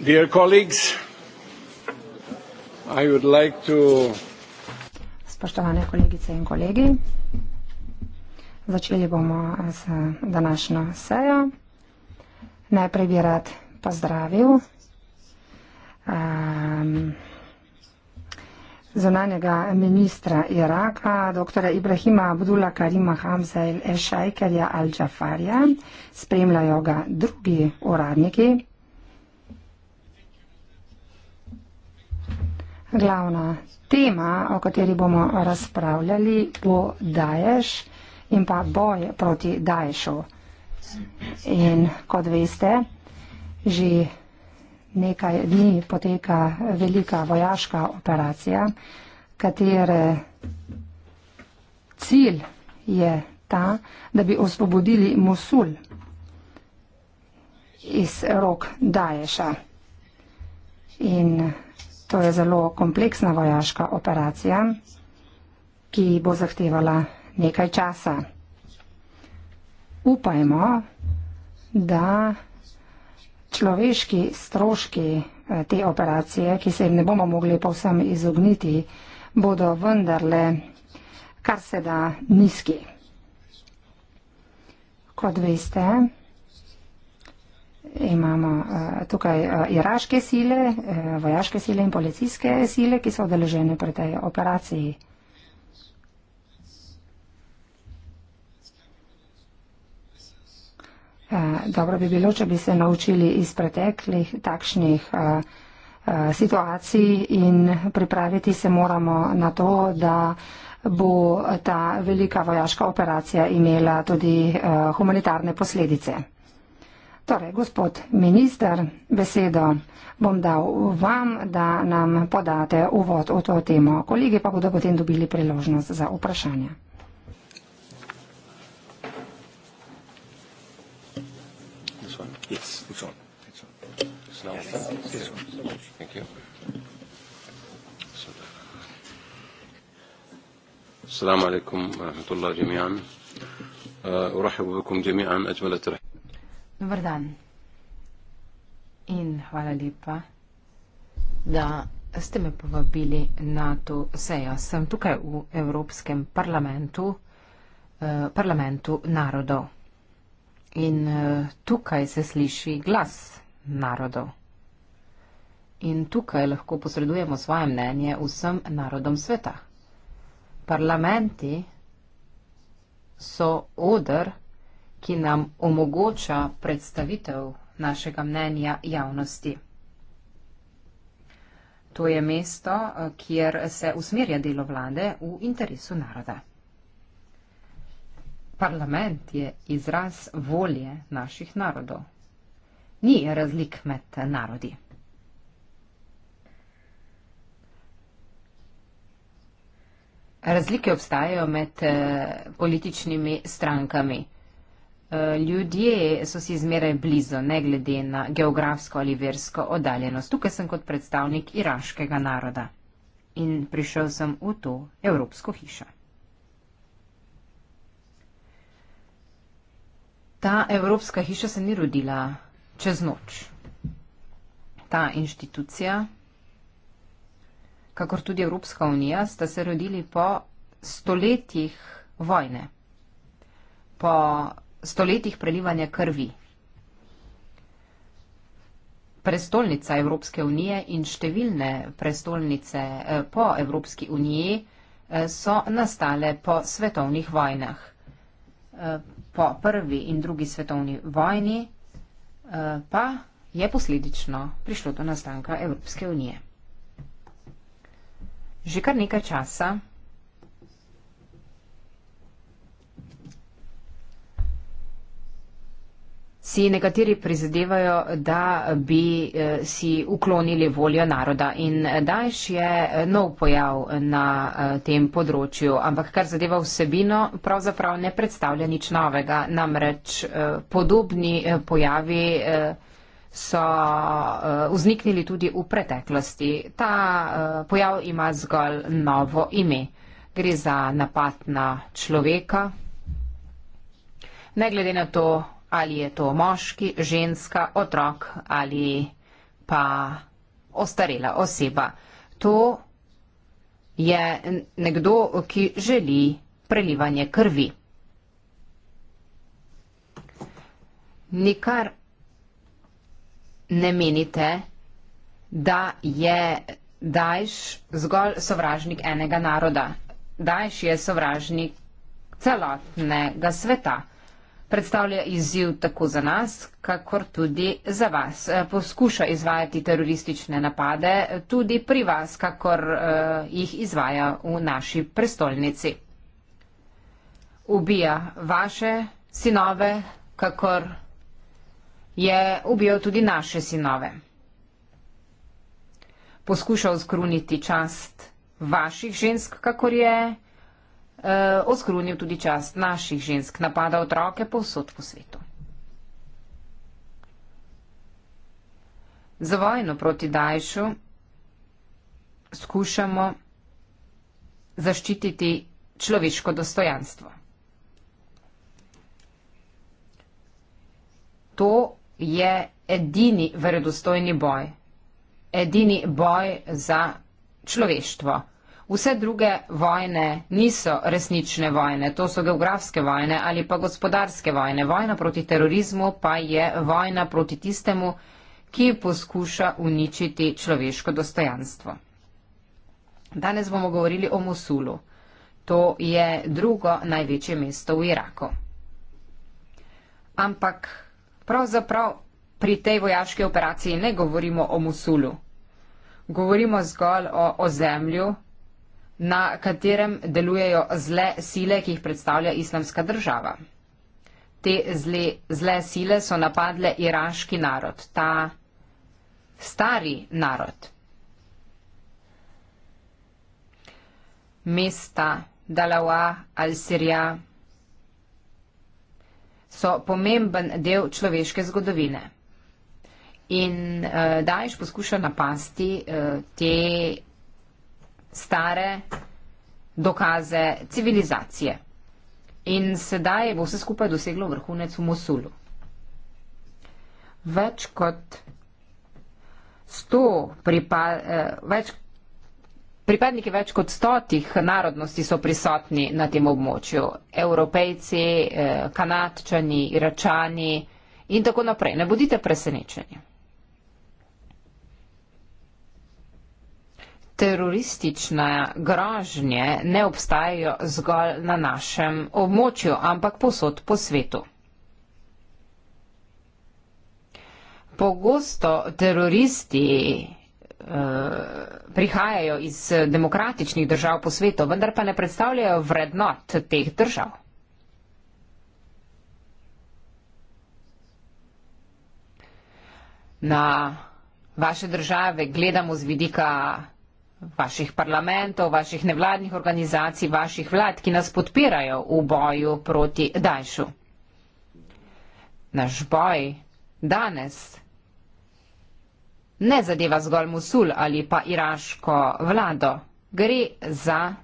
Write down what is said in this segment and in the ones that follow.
Dear colleagues, I would like to... Spoštovane kolegice in kolegi, začeli bomo z današnjo sejo. Najprej bi rad pozdravil um, zunanjega ministra Iraka, dr. Ibrahima Abdullah Karima Hamzail Eshajkerja Al-Jafarja. Spremljajo ga drugi uradniki Glavna tema, o kateri bomo razpravljali, bo Daješ in pa boj proti Daješu. In kot veste, že nekaj dni poteka velika vojaška operacija, katere cilj je ta, da bi osvobodili Mosul iz rok Daješa. In To je zelo kompleksna vojaška operacija, ki bo zahtevala nekaj časa. Upajmo, da človeški stroški eh, te operacije, ki se jim ne bomo mogli povsem izogniti, bodo vendarle kar se da nizki. Kot veste, imamo uh, tukaj uh, iraške sile, uh, vojaške sile in policijske sile, ki so odeležene pri tej operaciji. Dobro bi bilo, če bi se naučili iz preteklih takšnih uh, uh, situacij in pripraviti se moramo na to, da bo ta velika vojaška operacija imela tudi uh, humanitarne posledice. Torej, gospod minister, besedo bom dal vam, da nam podate uvod v to temo. Kolegi pa bodo potem dobili priložnost za vprašanje. Assalamu alaikum wa rahmatullahi wa barakatuh. Urahibu bikum jami'an, uh, ajmalat rahmatullahi. Dobr dan. In hvala lepa, da ste me povabili na to sejo. Sem tukaj v Evropskem parlamentu, eh, parlamentu narodov. In eh, tukaj se sliši glas narodov. In tukaj lahko posredujemo svoje mnenje vsem narodom sveta. Parlamenti so odr, ki nam omogoča predstavitev našega mnenja javnosti. To je mesto, kjer se usmerja delo vlade v interesu naroda. Parlament je izraz volje naših narodov. Ni razlik med narodi. Razlike obstajajo med eh, političnimi strankami ljudje so si zmeraj blizu, ne glede na geografsko ali versko oddaljenost. Tukaj sem kot predstavnik iraškega naroda in prišel sem v to evropsko hišo. Ta evropska hiša se ni rodila čez noč. Ta inštitucija, kakor tudi Evropska unija, sta se rodili po stoletjih vojne, po stoletjih prelivanja krvi. Prestolnica Evropske unije in številne prestolnice eh, po Evropski uniji eh, so nastale po svetovnih vojnah. Eh, po prvi in drugi svetovni vojni pa je posledično prišlo do nastanka Evropske unije. Že kar nekaj časa si nekateri prizadevajo, da bi eh, si uklonili voljo naroda in eh, Daesh je eh, nov pojav na tem področju, ampak kar zadeva vsebino, pravzaprav ne predstavlja nič novega, namreč podobni pojavi so vzniknili tudi v preteklosti. Ta pojav ima zgolj novo ime. Gre za napad na človeka. Ne glede na to, ali je to moški, ženska, otrok ali pa ostarela oseba. To je nekdo, ki želi prelivanje krvi. Nikar ne menite, da je Daesh zgolj sovražnik enega naroda. Daesh je sovražnik celotnega sveta predstavlja izziv tako za nas, kakor tudi za vas. Eh, poskuša izvajati teroristične napade tudi pri vas, kakor eh, jih izvaja v naši prestolnici. Ubija vaše sinove, kakor je ubijal tudi naše sinove. Poskuša oskruniti čast vaših žensk, kakor je uh, oskrunil tudi čast naših žensk, napada otroke povsod po svetu. Za vojno proti Dajšu skušamo zaščititi človeško dostojanstvo. To je edini verodostojni boj, edini boj za človeštvo. Vse druge vojne niso resnične vojne, to so geografske vojne ali pa gospodarske vojne. Vojna proti terorizmu pa je vojna proti tistemu, ki poskuša uničiti človeško dostojanstvo. Danes bomo govorili o Mosulu. To je drugo največje mesto v Iraku. Ampak pravzaprav pri tej vojaški operaciji ne govorimo o Mosulu. Govorimo zgolj o ozemlju, na katerem delujejo zle sile, ki jih predstavlja islamska država. Te zle, zle sile so napadle iraški narod, ta stari narod. Mesta Dalawa ali Sirija so pomemben del človeške zgodovine. In eh, Daješ poskuša napasti eh, te stare dokaze civilizacije. In sedaj bo vse skupaj doseglo vrhunec v Mosulu. Več kot sto pripa, eh, več, pripadniki več kot stotih narodnosti so prisotni na tem območju. Evropejci, eh, kanadčani, iračani in tako naprej. Ne bodite presenečeni. teroristične grožnje ne obstajajo zgolj na našem območju, ampak posod po svetu. Pogosto teroristi eh, prihajajo iz demokratičnih držav po svetu, vendar pa ne predstavljajo vrednot teh držav. Na vaše države gledamo z vidika vaših parlamentov, vaših nevladnih organizacij, vaših vlad, ki nas podpirajo v boju proti Dajšu. Naš boj danes ne zadeva zgolj Musul ali pa iraško vlado. Gre za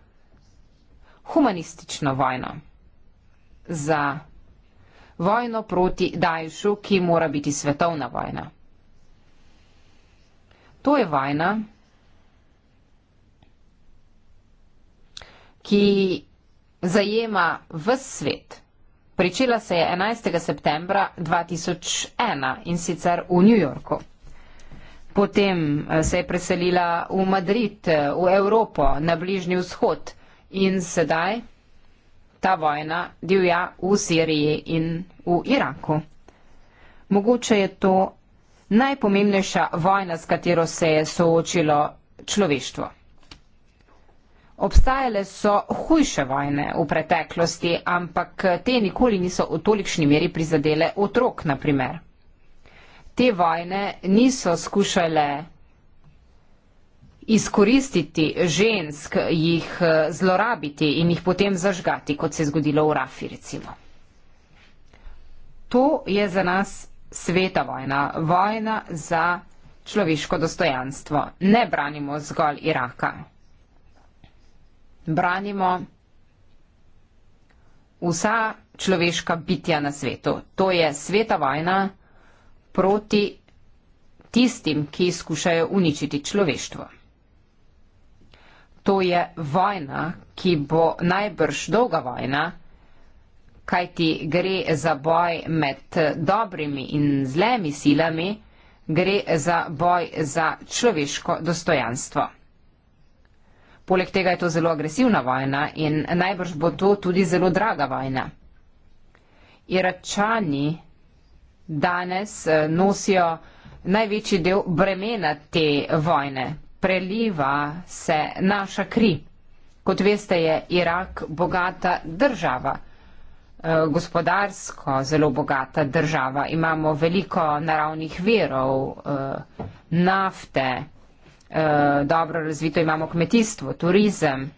humanistično vojno. Za vojno proti Dajšu, ki mora biti svetovna vojna. To je vojna, ki zajema vse svet. Pričela se je 11. septembra 2001 in sicer v New Yorku. Potem eh, se je preselila v Madrid, eh, v Evropo, na Bližnji vzhod in sedaj ta vojna divja v Siriji in v Iraku. Mogoče je to najpomembnejša vojna, s katero se je soočilo človeštvo. Obstajale so hujše vojne v preteklosti, ampak te nikoli niso v tolikšni meri prizadele otrok, na primer. Te vojne niso skušale izkoristiti žensk, jih eh, zlorabiti in jih potem zažgati, kot se je zgodilo v Rafi recimo. To je za nas sveta vojna, vojna za človeško dostojanstvo. Ne branimo zgolj Iraka branimo vsa človeška bitja na svetu. To je sveta vojna proti tistim, ki skušajo uničiti človeštvo. To je vojna, ki bo najbrž dolga vojna, kajti gre za boj med dobrimi in zlemi silami, gre za boj za človeško dostojanstvo. Poleg tega je to zelo agresivna vojna in najbrž bo to tudi zelo draga vojna. Iračani danes eh, nosijo največji del bremena te vojne. Preliva se naša kri. Kot veste, je Irak bogata država, eh, gospodarsko zelo bogata država. Imamo veliko naravnih verov, eh, nafte, Eh, dobro razvito, imamo kmetijstvo, turizem.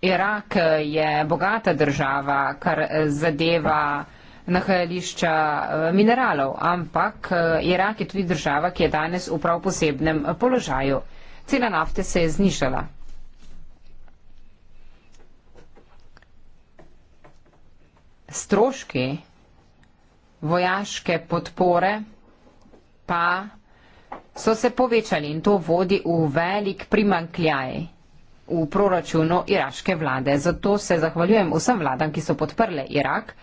Irak eh, je bogata država, kar eh, zadeva nahajališča mineralov, ampak Irak je tudi država, ki je danes v prav posebnem položaju. Cena nafte se je znižala. Stroški vojaške podpore pa so se povečali in to vodi v velik primankljaj v proračunu iraške vlade. Zato se zahvaljujem vsem vladam, ki so podprle Irak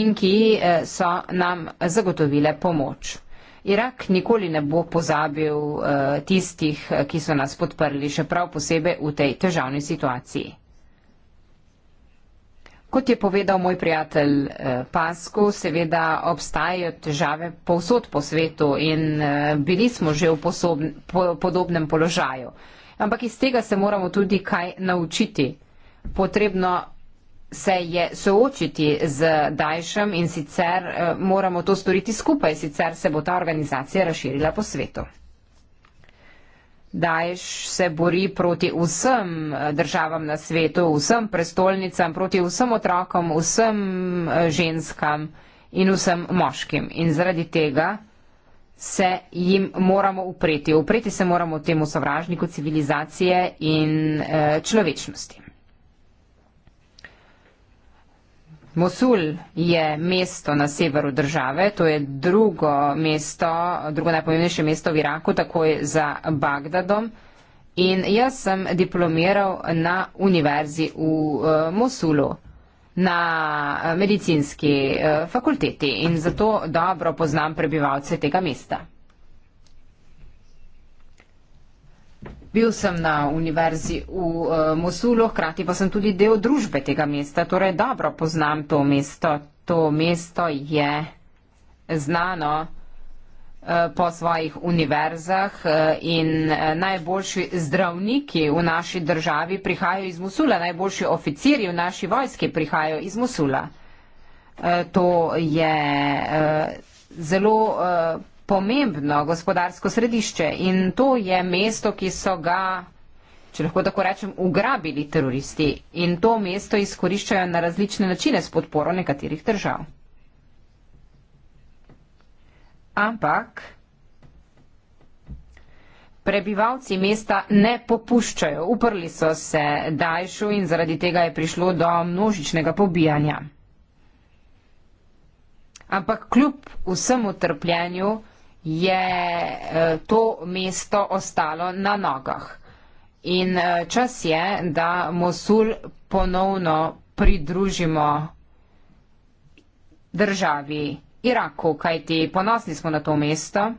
in ki eh, so nam zagotovile pomoč. Irak nikoli ne bo pozabil eh, tistih, eh, ki so nas podprli, še prav posebej v tej težavni situaciji. Kot je povedal moj prijatelj eh, Pasku, seveda obstajajo težave povsod po svetu in eh, bili smo že v podobnem položaju. Ampak iz tega se moramo tudi kaj naučiti. Potrebno se je soočiti z Dajšem in sicer eh, moramo to storiti skupaj, sicer se bo ta organizacija razširila po svetu. Daesh se bori proti vsem eh, državam na svetu, vsem prestolnicam, proti vsem otrokom, vsem eh, ženskam in vsem moškim. In zaradi tega se jim moramo upreti. Upreti se moramo temu sovražniku civilizacije in eh, človečnosti. Mosul je mesto na severu države, to je drugo mesto, drugo najpomembnejše mesto v Iraku, takoj za Bagdadom. In jaz sem diplomiral na univerzi v eh, Mosulu, na eh, medicinski eh, fakulteti in zato dobro poznam prebivalce tega mesta. Bil sem na univerzi v eh, Mosulu, hkrati pa sem tudi del družbe tega mesta, torej dobro poznam to mesto. To mesto je znano eh, po svojih univerzah eh, in najboljši zdravniki v naši državi prihajajo iz Mosula, najboljši oficirji v naši vojski prihajajo iz Mosula. To je zelo pomembno gospodarsko središče in to je mesto, ki so ga, če lahko tako rečem, ugrabili teroristi in to mesto izkoriščajo na različne načine s podporo nekaterih držav. Ampak prebivalci mesta ne popuščajo, uprli so se Dajšu in zaradi tega je prišlo do množičnega pobijanja. Ampak kljub vsemu trpljenju, je eh, to mesto ostalo na nogah. In eh, čas je, da Mosul ponovno pridružimo državi Iraku, kajti ponosni smo na to mesto,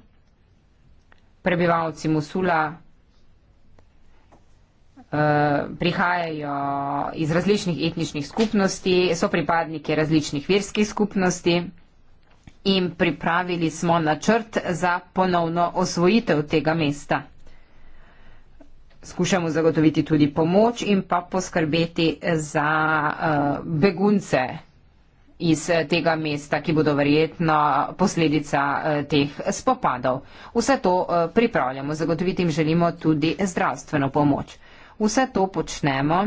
prebivalci Mosula. Uh, eh, prihajajo iz različnih etničnih skupnosti, so pripadniki različnih verskih skupnosti in pripravili smo načrt za ponovno osvojitev tega mesta. Skušamo zagotoviti tudi pomoč in pa poskrbeti za uh, begunce iz eh, tega mesta, ki bodo verjetno posledica uh, teh spopadov. Vse to uh, pripravljamo. Zagotoviti jim želimo tudi zdravstveno pomoč. Vse to počnemo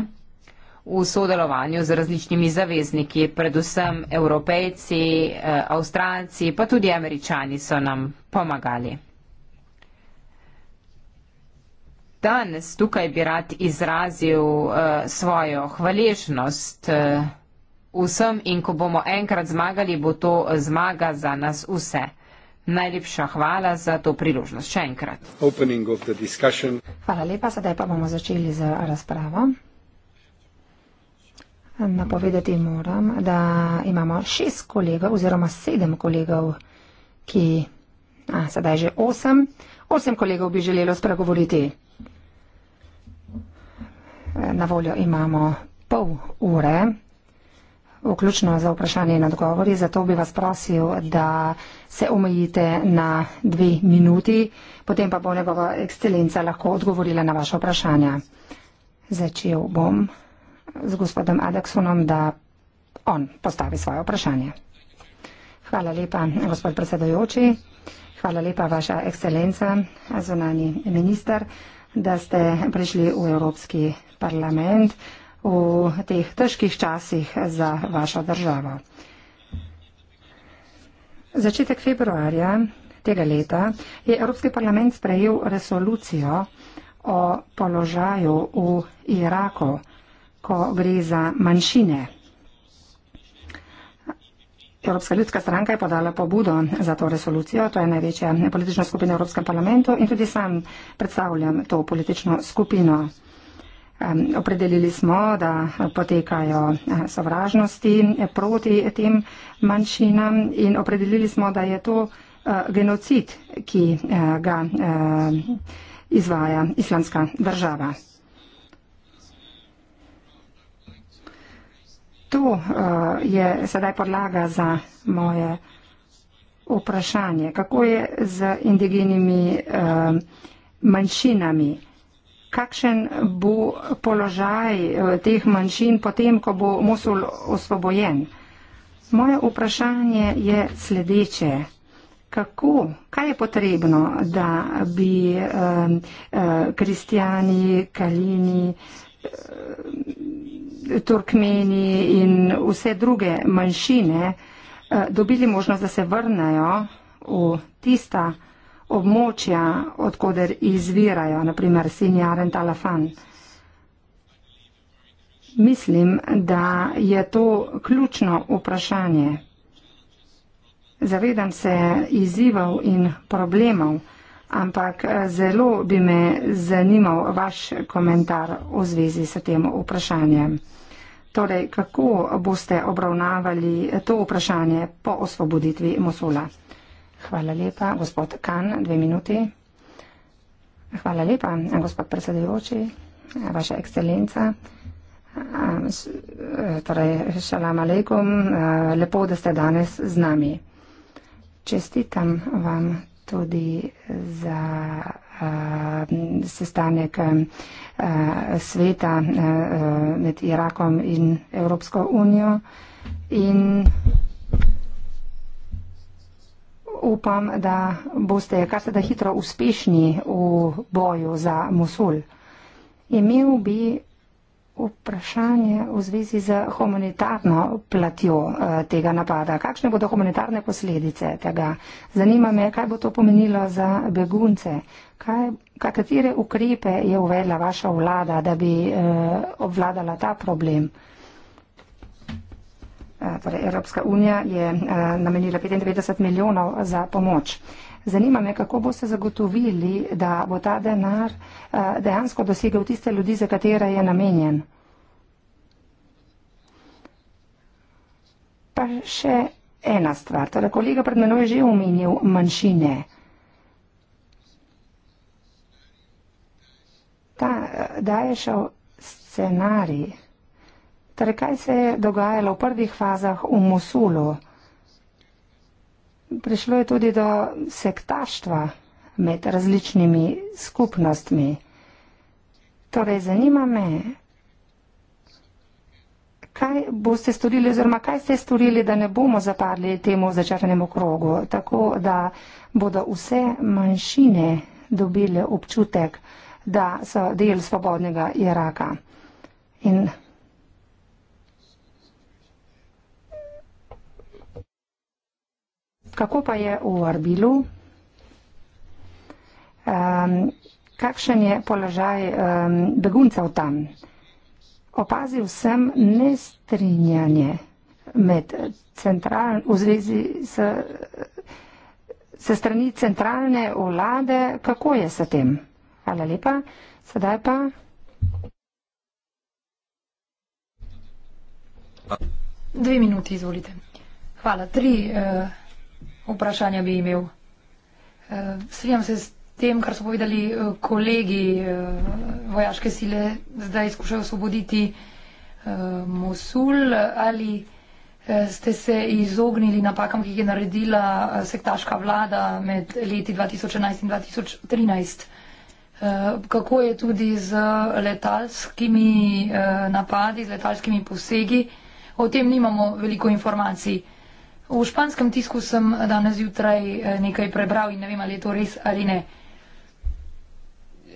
v sodelovanju z različnimi zavezniki, predvsem evropejci, eh, avstralci, pa tudi američani so nam pomagali. Danes tukaj bi rad izrazil uh, svojo hvaležnost uh, vsem in ko bomo enkrat zmagali, bo to zmaga za nas vse. Najlepša hvala za to priložnost. Še enkrat. Hvala lepa, sedaj pa bomo začeli z razpravo. Napovedati moram, da imamo šest kolegov oziroma sedem kolegov, ki. A, sedaj že osem. Osem kolegov bi želelo spregovoriti. Na voljo imamo pol ure, vključno za vprašanje in odgovori, zato bi vas prosil, da se omejite na dve minuti, potem pa bo njegova ekscelenca lahko odgovorila na vaše vprašanja. Začel bom z gospodom Adaksonom, da on postavi svoje vprašanje. Hvala lepa, gospod predsedojoči. Hvala lepa, vaša ekscelenca, zunani minister, da ste prišli v Evropski parlament v teh težkih časih za vašo državo. Začetek februarja tega leta je Evropski parlament sprejel resolucijo o položaju v Iraku ko gre za manjšine. Evropska ljudska stranka je podala pobudo za to resolucijo, to je največja politična skupina v Evropskem parlamentu in tudi sam predstavljam to politično skupino. Opredelili smo, da potekajo sovražnosti proti tem manjšinam in opredelili smo, da je to genocid, ki ga izvaja islamska država. to uh, je sedaj podlaga za moje vprašanje. Kako je z indigenimi uh, manjšinami? Kakšen bo položaj uh, teh manjšin potem, ko bo Mosul osvobojen? Moje vprašanje je sledeče. Kako, kaj je potrebno, da bi eh, eh, kristijani, kalini, Eh, Turkmeni in vse druge manjšine eh, dobili možnost, da se vrnejo v tista območja, odkuder izvirajo, naprimer Sinjar in Talafan. Mislim, da je to ključno vprašanje. Zavedam se izzivov in problemov ampak eh, zelo bi me zanimal vaš komentar v zvezi s tem vprašanjem. Torej, kako boste obravnavali to vprašanje po osvoboditvi Mosula? Hvala lepa, gospod Kan, dve minuti. Hvala lepa, gospod predsedujoči, vaša ekscelenca. Eh, torej, šalam aleikum, eh, lepo, da ste danes z nami. Čestitam vam tudi za uh, sestanek uh, sveta uh, med Irakom in Evropsko unijo. In upam, da boste kar se da hitro uspešni v boju za Mosul. Imel bi Vprašanje v zvezi z humanitarno platjo eh, tega napada. Kakšne bodo humanitarne posledice tega? Zanima me, kaj bo to pomenilo za begunce. Kaj, kaj, katere ukrepe je uvedla vaša vlada, da bi eh, obvladala ta problem? Eh, torej, Evropska unija je eh, namenila 95 milijonov za pomoč. Zanima me, kako boste zagotovili, da bo ta denar eh, dejansko dosegel tiste ljudi, za katere je namenjen. Pa še ena stvar. Teda torej, kolega pred menoj je že omenil manjšine. Ta eh, daješal scenarij. Torej, kaj se je dogajalo v prvih fazah v Mosulu? prišlo je tudi do sektaštva med različnimi skupnostmi. Torej, zanima me, kaj boste storili oziroma kaj ste storili, da ne bomo zapadli temu začaranemu krogu, tako da bodo vse manjšine dobile občutek, da so del svobodnega Iraka. In Kako pa je v Arbilu? Um, kakšen je položaj um, beguncev tam? Opazil sem nestrinjanje med central, v zvezi s, se strani centralne vlade. Kako je s tem? Hvala lepa. Sedaj pa. Dve minuti, izvolite. Hvala. Tri. Uh, vprašanja bi imel. Eh, Srednjam se s tem, kar so povedali eh, kolegi eh, vojaške sile, zdaj skušajo osvoboditi Mosul. Ali ste se izognili napakam, ki jih je naredila sektaška vlada med leti 2011 in 2013? Kako je tudi z letalskimi napadi, z letalskimi posegi? O tem nimamo veliko informacij. V španskem tisku sem danes jutraj eh, nekaj prebral in ne vem, ali je to res ali ne.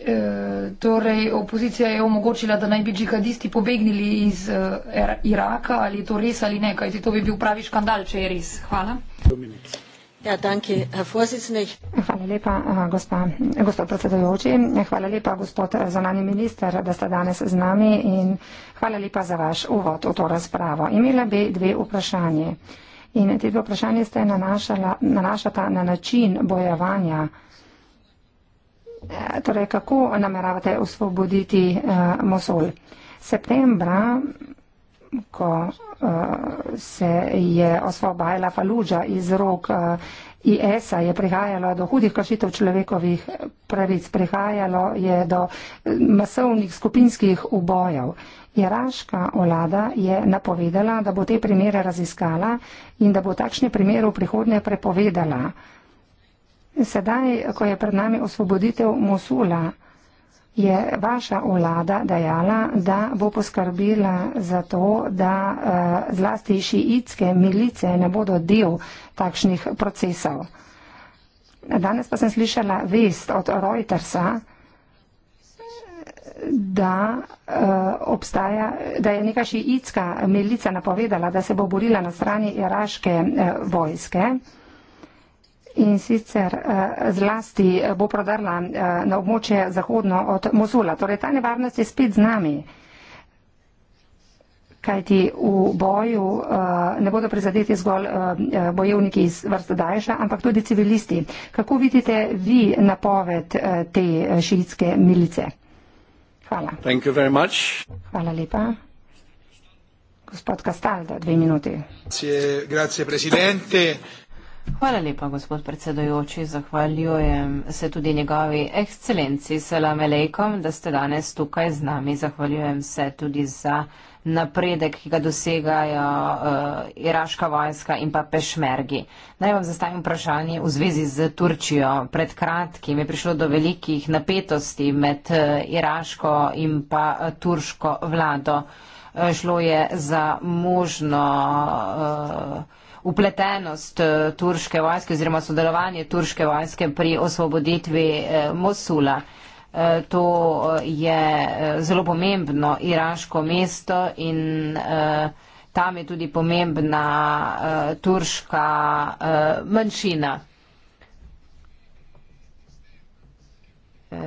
E, torej, opozicija je omogočila, da naj bi džihadisti pobegnili iz e, Iraka, ali je to res ali ne, kajti to bi bil pravi škandal, če je res. Hvala. Ja, hvala lepa, gospa, gospod predsedujoči. Hvala lepa, gospod zonani minister, da ste danes z nami in hvala lepa za vaš uvod v to razpravo. Imela bi dve vprašanje. In ti dve vprašanje ste nanašata na način bojevanja. E, torej, kako nameravate osvoboditi uh, Mosul? Septembra, ko uh, se je osvobajala Faluđa iz rok uh, IS-a, je prihajalo do hudih kršitev človekovih pravic, prihajalo je do masovnih skupinskih ubojev. Iraška olada je napovedala, da bo te primere raziskala in da bo takšne primere v prihodnje prepovedala. Sedaj, ko je pred nami osvoboditev Mosula, je vaša olada dejala, da bo poskrbila za to, da eh, zlasti šiitske milice ne bodo del takšnih procesov. Danes pa sem slišala vest od Reutersa, da uh, obstaja, da je neka šiitska milica napovedala, da se bo borila na strani iraške uh, vojske in sicer uh, zlasti bo prodarla uh, na območje zahodno od Mosula. Torej ta nevarnost je spet z nami, kajti v boju uh, ne bodo prizadeti zgolj uh, bojevniki iz vrst Daješa, ampak tudi civilisti. Kako vidite vi napoved uh, te šiitske milice? Hvala. Thank you very much. Hvala lepa. Gospod Castaldo, dve minuti. Grazie, grazie, Hvala lepa, gospod predsedojoči. Zahvaljujem se tudi njegovi ekscelenci Salam Aleikom, da ste danes tukaj z nami. Zahvaljujem se tudi za napredek, ki ga dosegajo uh, iraška vojska in pa pešmergi. Naj vam zastavim vprašanje v zvezi z Turčijo. Pred kratkim je prišlo do velikih napetosti med eh, iraško in pa eh, turško vlado. Uh, šlo je za možno. Uh, upletenost eh, turške vojske oziroma sodelovanje turške vojske pri osvoboditvi eh, Mosula. Eh, to je zelo pomembno iraško mesto in tam je tudi pomembna turška manjšina.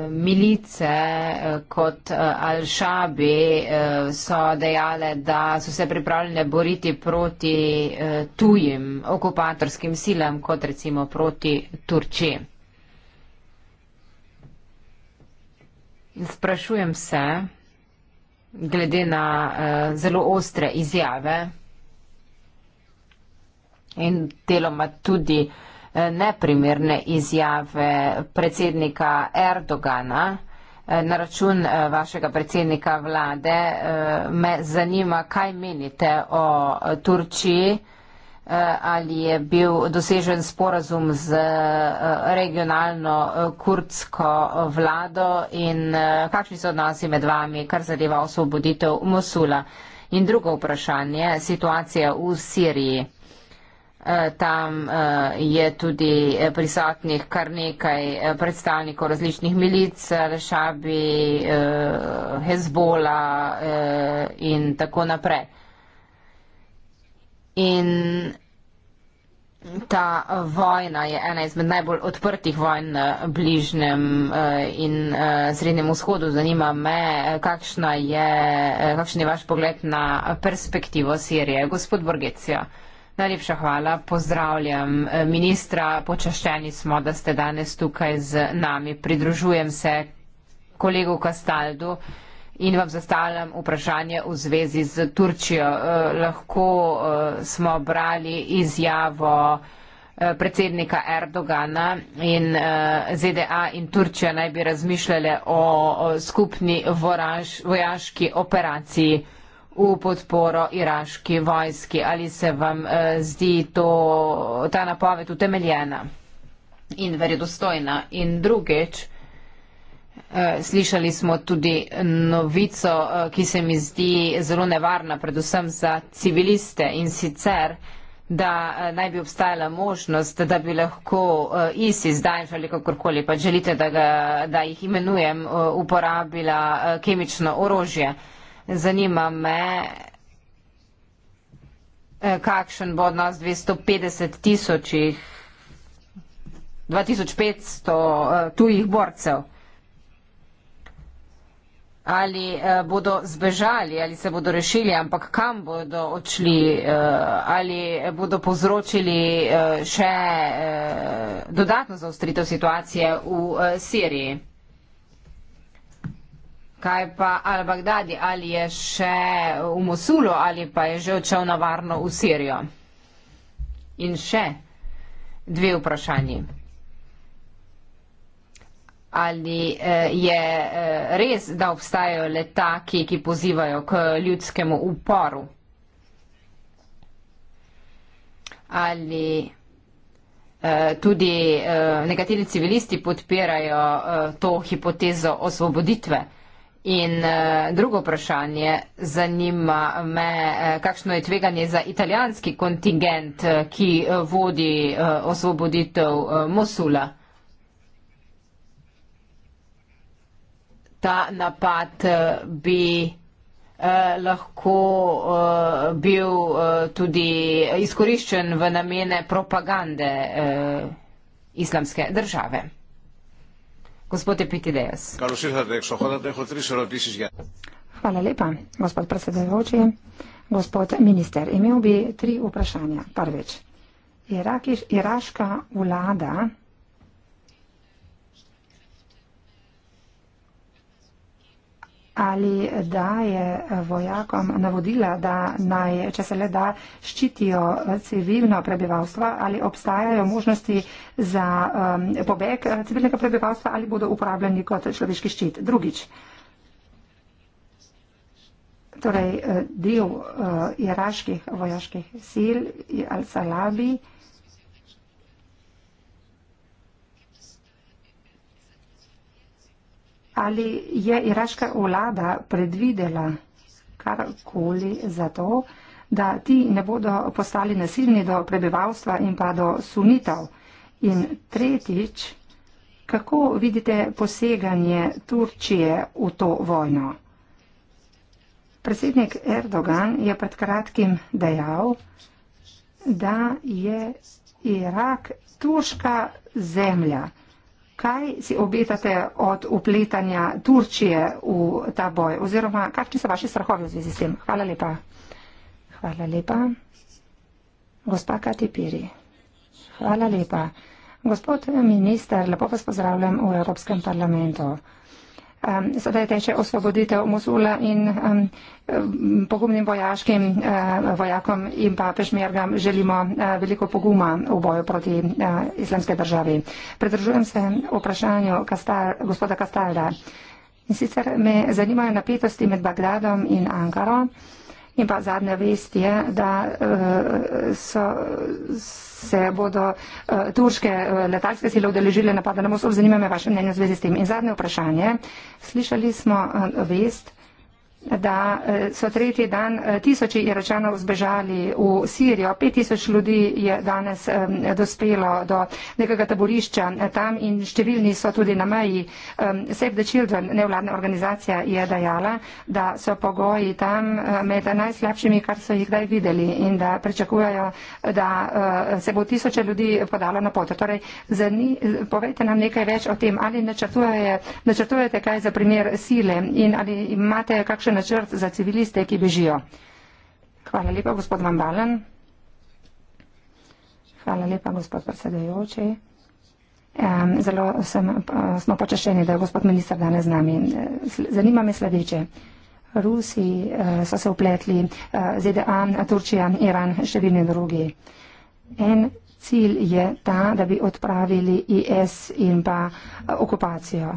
milice eh, kot eh, Al-Shabi eh, so dejale, da so se pripravljene boriti proti tujim okupatorskim silam, kot recimo proti Turčiji. Sprašujem se, glede na zelo ostre izjave in deloma tudi neprimerne izjave predsednika Erdogana na račun eh, vašega predsednika vlade. Eh, me zanima, kaj menite o Turčiji, eh, ali je bil dosežen sporazum z regionalno kurdsko vlado in kakšni so odnosi med vami, kar zadeva osvoboditev Mosula. In drugo vprašanje, situacija v Siriji. Eh, tam eh, je tudi eh, prisotnih kar nekaj predstavnikov različnih milic, Rešabi, Hezbola in tako naprej. In ta vojna je ena izmed najbolj odprtih vojn na bližnjem in srednjem vzhodu. Zanima me, kakšna je, kakšen je vaš pogled na perspektivo Sirije, gospod Borgecija. Najlepša hvala, pozdravljam eh, ministra, počaščeni smo, da ste danes tukaj z nami. Pridružujem se kolegu Kastaldu in vam zastavljam vprašanje v zvezi z Turčijo. Eh, lahko eh, smo brali izjavo predsednika Erdogana in ZDA in Turčija naj bi razmišljale o skupni vojaški operaciji v podporo iraški vojski. Ali se vam eh, zdi to, ta napoved utemeljena in verjetostojna? In drugič, eh, slišali smo tudi novico, eh, ki se mi zdi zelo nevarna, predvsem za civiliste in sicer da naj bi obstajala možnost, da bi lahko ISIS, Daesh ali kakorkoli pa želite, da, ga, da jih imenujem, uporabila kemično orožje. Zanima me, eh, kakšen bo odnos 250 tisočih, 2500 eh, tujih borcev. Ali eh, bodo zbežali, ali se bodo rešili, ampak kam bodo odšli, ali bodo povzročili še dodatno zaostritev situacije v Siriji. Kaj pa Al-Baghdadi, ali je še v Mosulu ali pa je že odšel na varno v Sirijo? In še dve vprašanji. Ali eh, je eh, res, da obstajajo letaki, ki pozivajo k ljudskemu uporu? Ali eh, tudi nekateri civilisti podpirajo to hipotezo osvoboditve? In uh, drugo vprašanje zanima me, eh, kakšno je tveganje za italijanski kontingent, eh, ki vodi uh, osvoboditev uh, Mosula. Ta napad bi uh, lahko uh, bil uh, tudi izkoriščen v namene propagande uh, islamske države. Gospod Epitideas. Hvala lepa, gospod predsedujoči, gospod minister. Imel bi tri vprašanja. Prvič, Irakiš, iraška vlada ali daje vojakom navodila, da naj, če se le da, ščitijo civilno prebivalstvo ali obstajajo možnosti za um, pobeg eh, civilnega prebivalstva ali bodo uporabljeni kot človeški ščit. Drugič. Torej, eh, del uh, iraških vojaških sil, Al-Salabi, uh, ali je iraška vlada predvidela karkoli za to, da ti ne bodo postali nasilni do prebivalstva in pa do sunitev. In tretjič, kako vidite poseganje Turčije v to vojno? Predsednik Erdogan je pred kratkim dejal, da je Irak turška zemlja. Kaj si obetate od upletanja Turčije v ta boj oziroma kakšni so vaši strahovi v zvezi s tem? Hvala lepa. Hvala lepa. Gospa Kati Piri. Hvala lepa. Gospod minister, lepo vas pozdravljam v Evropskem parlamentu um, zavedeče osvoboditev Mosula in um, um, pogumnim vojaškim uh, vojakom in pa pešmergam želimo uh, veliko poguma v boju proti uh, islamske državi. Pridržujem se vprašanju Kastal, gospoda Kastalda. In sicer me zanimajo napetosti med Bagdadom in Ankaro. Uh, In pa zadnja vest je, da eh, so se bodo eh, turške eh, letalske sile odeležile napada na Mosul. Zanima me vaše mnenje v zvezi s tem. In zadnje vprašanje. Slišali smo vest, da eh, so tretji dan eh, tisoči Iračanov zbežali v Sirijo. Pet tisoč ljudi je danes dospelo do nekega taborišča eh, tam in številni so tudi na meji. Save the Children, nevladna organizacija, je dejala, da so pogoji tam med najslabšimi, kar so jih kdaj videli in da pričakujejo, da se bo tisoče ljudi podalo na pot. Torej, zani, povejte nam nekaj več o tem, ali načrtujete, načrtujete kaj za primer sile in ali imate kakšne še načrt za civiliste, ki bežijo? Hvala lepa, gospod Van Balen. Hvala lepa, gospod predsedajoči. Zelo sem, smo počešeni, da je gospod minister danes z nami. Zanima me sledeče. Rusi eh, so se upletli, eh, ZDA, Turčija, Iran, številni drugi. En cilj je ta, da bi odpravili IS in pa eh, okupacijo.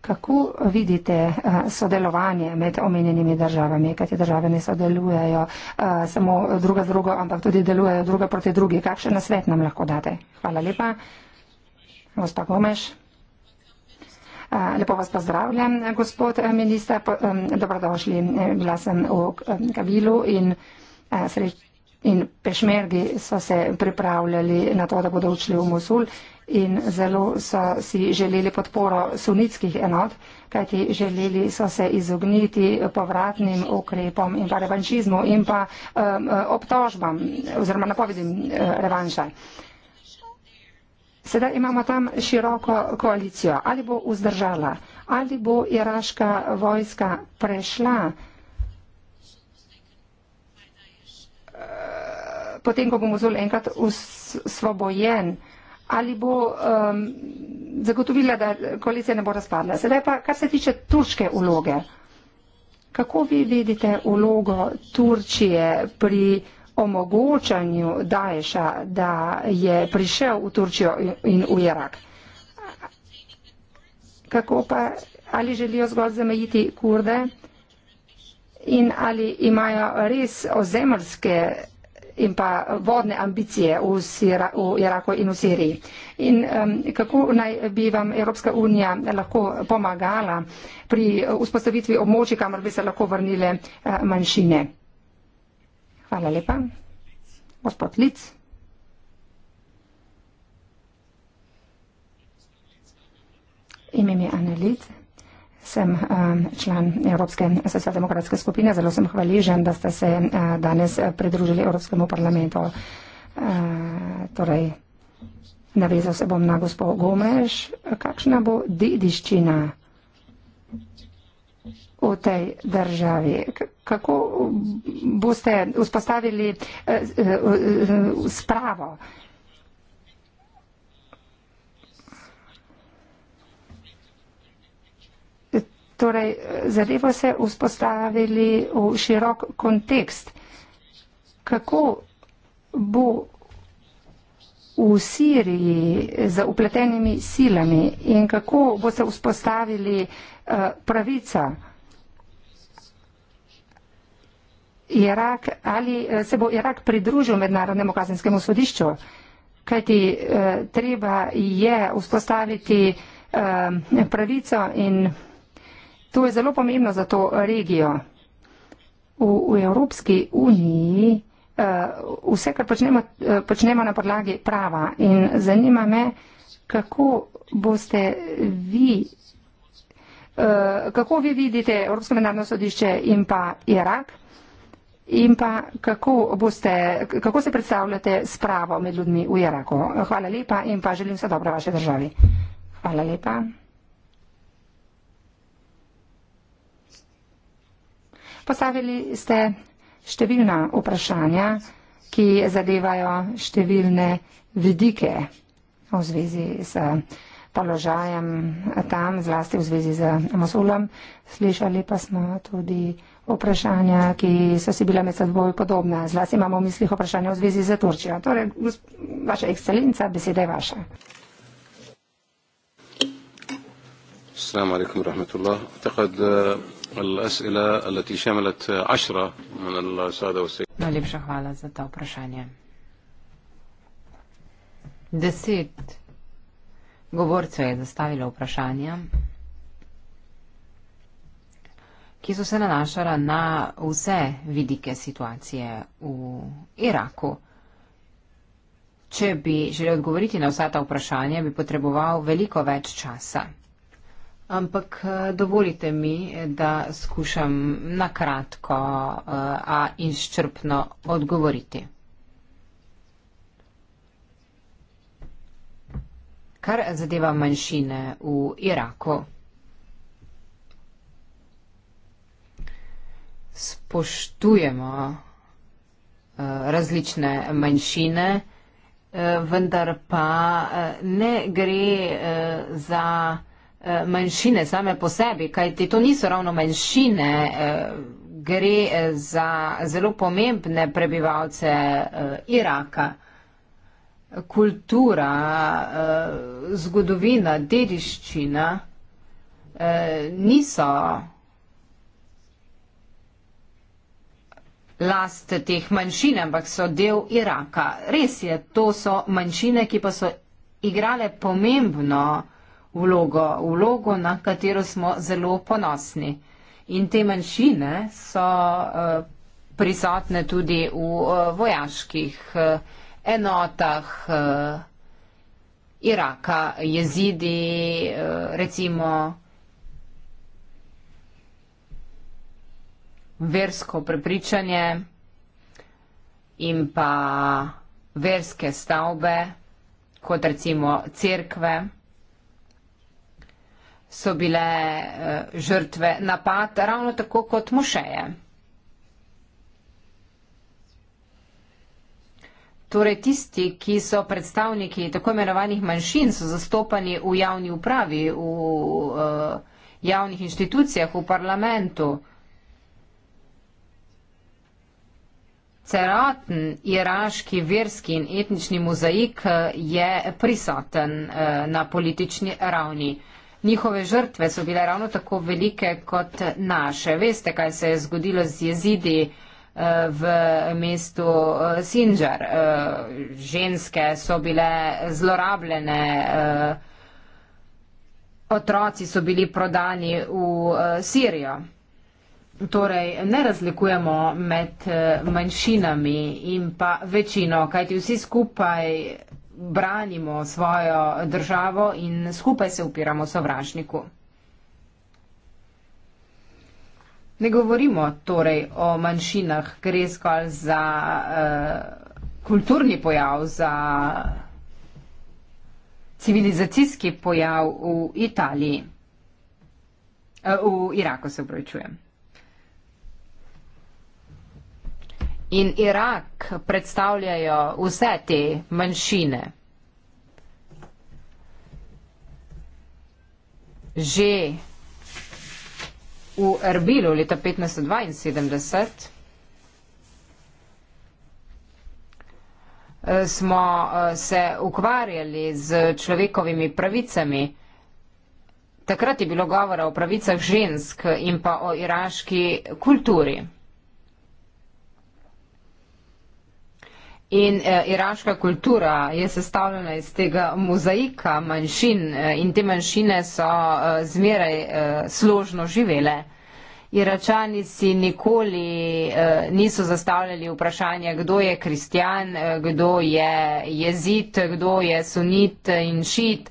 Kako vidite eh, sodelovanje med omenjenimi državami, kajte države ne sodelujejo eh, samo druga z drugo, ampak tudi delujejo druga proti drugi? Kakšen nasvet nam lahko date? Hvala lepa. Gospa Gomeš. Eh, lepo vas pozdravljam, gospod minister. Dobrodošli. Bila sem v Kabilu in sreč. In pešmergi so se pripravljali na to, da bodo učili v Mosul in zelo so si želeli podporo sunitskih enot, kajti želeli so se izogniti povratnim ukrepom in pa revanšizmu in pa um, obtožbam oziroma napovedim uh, revanša. Sedaj imamo tam široko koalicijo. Ali bo vzdržala? Ali bo iraška vojska prešla? Uh, potem, ko bo Mozul enkrat usvobojen, us ali bo um, zagotovila, da koalicija ne bo razpadla. Sedaj pa, kar se tiče turške uloge. Kako vi vidite ulogo Turčije pri omogočanju Daesha, da je prišel v Turčijo in v Irak? Kako pa, ali želijo zgolj zamejiti kurde in ali imajo res ozemljske in pa vodne ambicije v, Sira, v Iraku in v Siriji. In um, kako naj bi vam Evropska unija lahko pomagala pri vzpostavitvi območja, kamor bi se lahko vrnile eh, manjšine? Hvala lepa. Gospod Lic. Ime mi je Ana Lic sem eh, član Evropske socialdemokratske skupine. Zelo sem hvaležen, da ste se eh, danes eh, pridružili Evropskemu parlamentu. Torej, navezal se bom na gospo Gomeš. Kakšna bo dediščina v tej državi? Kako boste vzpostavili spravo? Torej, zadevo se vzpostavili v širok kontekst. Kako bo v Siriji z upletenimi silami in kako bo se vzpostavili eh, pravica? Irak, ali eh, se bo Irak pridružil mednarodnemu kazenskemu sodišču, kajti eh, treba je vzpostaviti eh, pravico in To je zelo pomembno za to regijo. V, v Evropski uniji uh, vse, kar počnemo, uh, počnemo na podlagi prava in zanima me, kako boste vi, uh, kako vi vidite Evropsko mednarodno sodišče in pa Irak in pa kako, boste, kako se predstavljate s pravo med ljudmi v Iraku. Hvala lepa in pa želim vse dobro vaše državi. Hvala lepa. Postavili ste številna vprašanja, ki zadevajo številne vidike v zvezi z položajem tam, zlasti v zvezi z Mosulom. Slišali pa smo tudi vprašanja, ki so si bila med seboj podobna. Zlasti imamo v mislih vprašanja v zvezi z Turčijo. Torej, vaša ekscelenca, beseda je vaša. Assalamu alaikum rahmatullah. Tako da الاسئله التي شملت عشره من الساده والسيدات. Deset govorcev je zastavilo vprašanja, ki so se nanašala na vse vidike situacije v Iraku. Če bi želel odgovoriti na vsa ta vprašanja, bi potreboval veliko več časa. Ampak eh, dovolite mi, da skušam nakratko, eh, a izčrpno odgovoriti. Kar zadeva manjšine v Iraku. Spoštujemo eh, različne manjšine, vendar pa ne gre za manjšine, Eh, manjšine same po sebi, kajti to niso ravno manjšine, eh, gre eh, za zelo pomembne prebivalce Iraka. Kultura, zgodovina, dediščina niso last teh manjšin, ampak so del Iraka. Res je, to so manjšine, ki pa so igrale pomembno vlogo, vlogo, na katero smo zelo ponosni. In te manjšine so eh, prisotne tudi v eh, vojaških eh, enotah Iraka, jezidi, recimo versko prepričanje in pa verske stavbe, kot recimo crkve so bile eh, žrtve napad, ravno tako kot mošeje. Torej tisti, ki so predstavniki tako imenovanih manjšin, so zastopani v javni upravi, v uh, javnih inštitucijah, v parlamentu. Celoten iraški verski in etnični mozaik eh, je prisoten uh, na politični ravni. Uh, njihove žrtve so bile ravno tako velike kot naše. Veste, kaj se je zgodilo z jezidi eh, v mestu eh, Sinjar. Eh, ženske so bile zlorabljene, otroci so bili prodani v Sirijo. Torej, ne razlikujemo med manjšinami in pa večino, kajti vsi skupaj branimo svojo državo in skupaj se upiramo sovražniku. Ne govorimo torej o manjšinah, gre zgolj za eh, kulturni pojav, za civilizacijski pojav v Italiji, eh, v Iraku se upravičujem. in Irak predstavljajo vse te manjšine. Že v Erbilu leta 1572 eh, smo eh, se ukvarjali z človekovimi pravicami. Takrat je bilo govora o pravicah žensk in pa o iraški kulturi. In eh, iraška kultura je sestavljena iz tega mozaika manjšin eh, in te manjšine so eh, zmeraj eh, složno živele. Iračani si nikoli eh, niso zastavljali vprašanja, kdo je kristjan, eh, kdo je jezit, kdo je sunit in šit.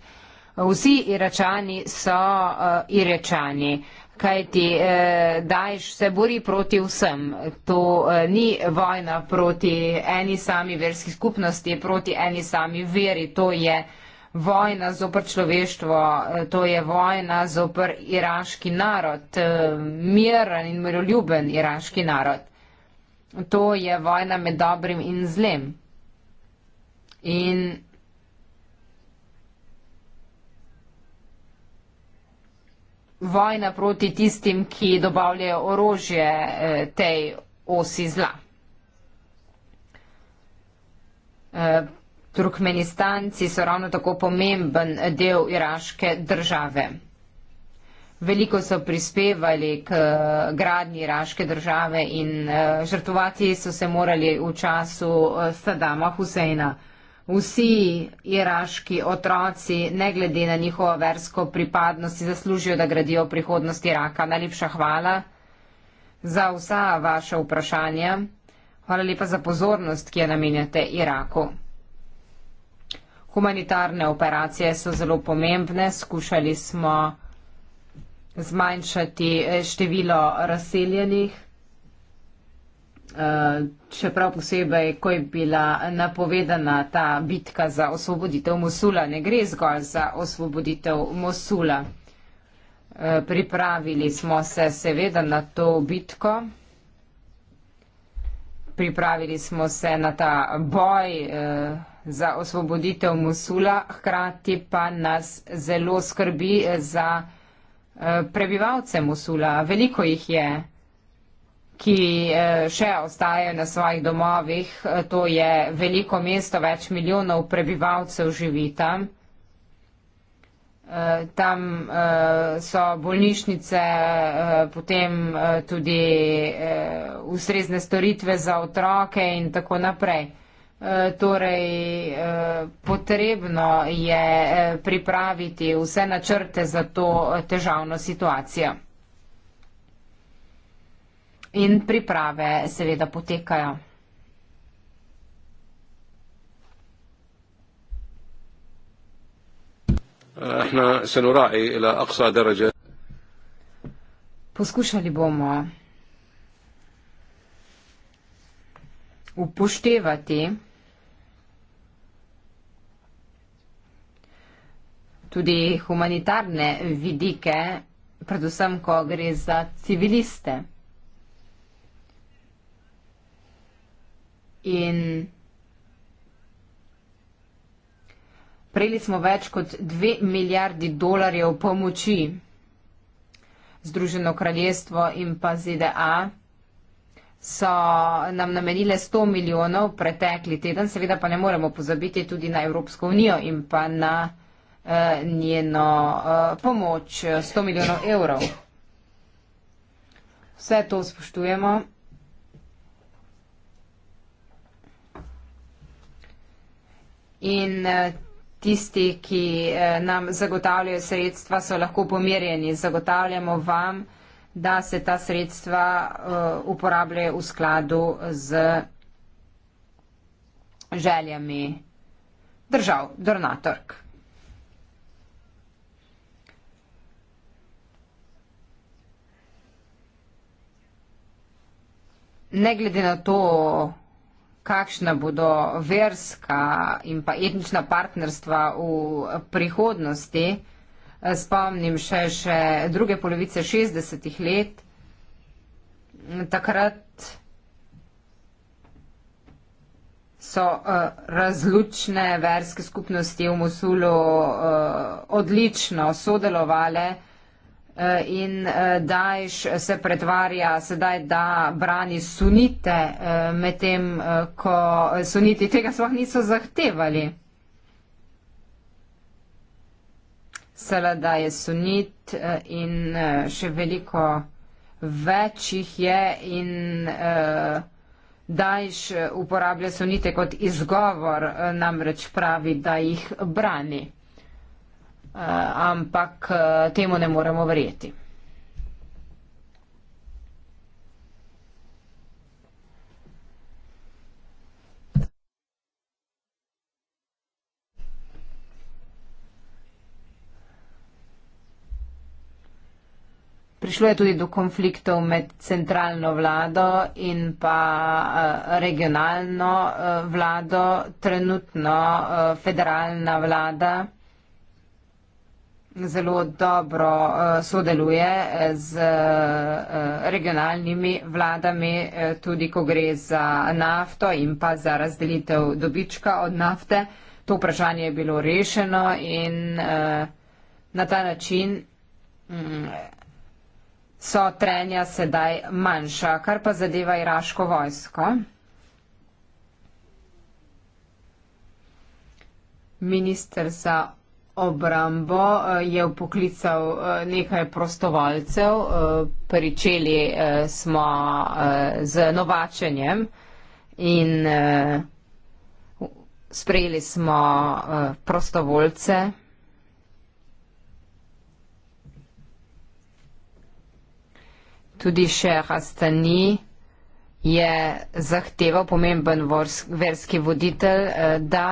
Vsi iračani so eh, irečani. Eh, kaj ti eh, dajš, se bori proti vsem. To eh, ni vojna proti eni sami verski skupnosti, proti eni sami veri. To je vojna zopr človeštvo, eh, to je vojna zopr iraški narod, eh, miren in miroljuben iraški narod. To je vojna med dobrim in zlem. In vojna proti tistim, ki dobavljajo orožje eh, tej osi zla. Eh, Turkmenistanci so ravno tako pomemben del iraške države. Veliko so prispevali k eh, gradni iraške države in žrtvovati so se morali v času Sadama Huseina vsi iraški otroci, ne glede na njihovo versko pripadnost, zaslužijo, da gradijo prihodnost Iraka. Najlepša hvala za vsa vaša vprašanja. Hvala lepa za pozornost, ki jo namenjate Iraku. Humanitarne operacije so zelo pomembne. Skušali smo zmanjšati število razseljenih. Eh, še prav posebej, ko je bila napovedana ta bitka za osvoboditev Mosula. Ne gre zgolj za osvoboditev Mosula. Eh, pripravili smo se seveda na to bitko. Pripravili smo se na ta boj eh, za osvoboditev Mosula, hkrati pa nas zelo skrbi za prebivalce Mosula. Veliko jih je ki eh, še ostajajo na svojih domovih. Eh, to je veliko mesto, več milijonov prebivalcev živi tam. Eh, tam so bolnišnice, potem tudi ustrezne storitve za otroke in tako naprej. Torej, potrebno je pripraviti vse načrte za to težavno situacijo in priprave seveda potekajo. Poskušali bomo upoštevati tudi humanitarne vidike, predvsem, ko gre za civiliste. In prejeli smo več kot dve milijardi dolarjev pomoči. Združeno kraljestvo in pa ZDA so nam namenile 100 milijonov pretekli teden, seveda pa ne moremo pozabiti tudi na Evropsko unijo in pa na eh, njeno eh, pomoč 100 milijonov evrov. Vse to spoštujemo. in eh, tisti, ki eh, nam zagotavljajo sredstva, so lahko pomirjeni. Zagotavljamo vam, da se ta sredstva eh, uporabljajo v skladu z željami držav, donatork. Ne glede na to, kakšna bodo verska in pa etnična partnerstva v prihodnosti. Spomnim še, še druge polovice 60-ih let. Takrat so uh, eh, razlučne verske skupnosti v Mosulu uh, odlično sodelovali. Eh, in eh, Daesh se pretvarja sedaj, da brani sunite, eh, medtem ko suniti tega sploh niso zahtevali. Seveda je sunit in še veliko več jih je in Daesh uporablja sunite kot izgovor, namreč pravi, da jih brani. Eh, ampak eh, temu ne moremo verjeti. Prišlo je tudi do konfliktov med centralno vlado in pa eh, regionalno vlado. Trenutno federalna vlada zelo dobro uh, sodeluje z uh, regionalnimi vladami, uh, tudi ko gre za nafto in pa za razdelitev dobička od nafte. To vprašanje je bilo rešeno in uh, na ta način um, so trenja sedaj manjša, kar pa zadeva iraško vojsko. Minister za obrambo eh, je poklical eh, nekaj prostovalcev, eh, pričeli smo z novačenjem in sprejeli smo prostovoljce. Tudi še Hastani je zahteval pomemben verski voditelj, da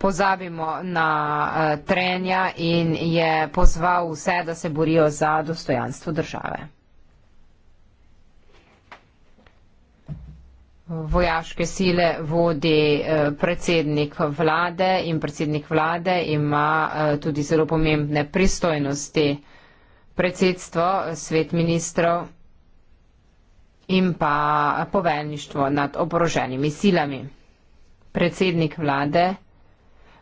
pozabimo na uh, trenja in je pozval vse, da se borijo za dostojanstvo države. Vojaške sile vodi e, predsednik vlade in predsednik vlade ima e, tudi zelo pomembne pristojnosti. Predsedstvo, svet ministrov in pa poveljništvo nad oboroženimi silami. Predsednik vlade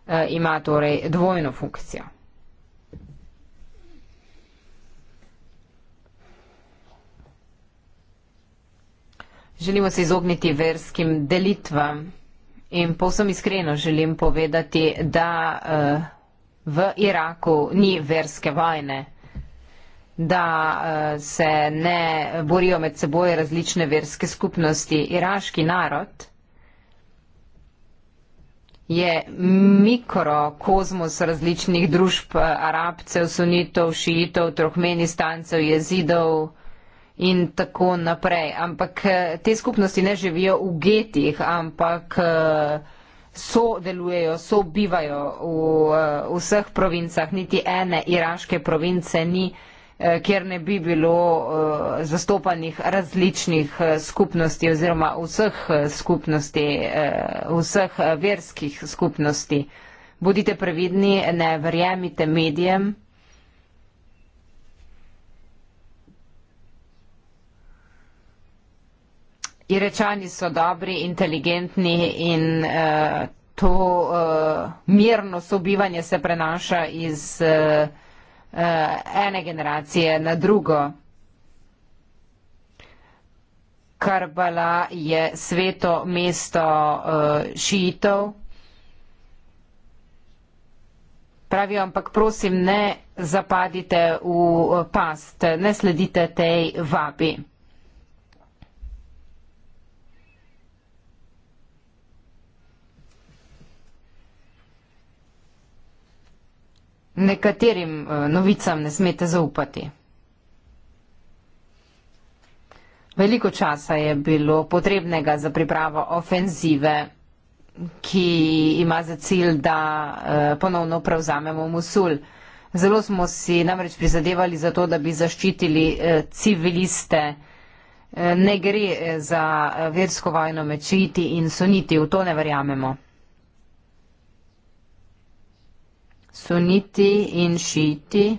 Eh, ima torej dvojno funkcijo. Želimo se izogniti verskim delitvam in povsem iskreno želim povedati, da eh, v Iraku ni verske vojne, da eh, se ne borijo med seboj različne verske skupnosti. Iraški narod je, je mikrokozmos različnih družb arabcev, sunitov, šijitov, trohmenistancev, jezidov in tako naprej. Ampak eh, te skupnosti ne živijo v getih, ampak eh, sodelujejo, sobivajo v, eh, v vseh provincah, niti ene iraške province ni. Eh, kjer ne bi bilo eh, zastopanih različnih eh, skupnosti oziroma vseh skupnosti, vseh verskih skupnosti. Bodite previdni, ne verjemite medijem. Irečani so dobri, inteligentni in uh, to uh, mirno sobivanje se prenaša iz. Uh, uh, ene generacije na drugo. Karbala je sveto mesto uh, eh, šitov. Pravijo, ampak prosim, ne zapadite v eh, past, ne sledite tej vabi. nekaterim eh, novicam ne smete zaupati. Veliko časa je bilo potrebnega za pripravo ofenzive, ki ima za cilj, da eh, ponovno prevzamemo Musul. Zelo smo si namreč prizadevali za to, da bi zaščitili eh, civiliste. Ne gre za versko vojno med šiiti in suniti, v to ne verjamemo. suniti in šiti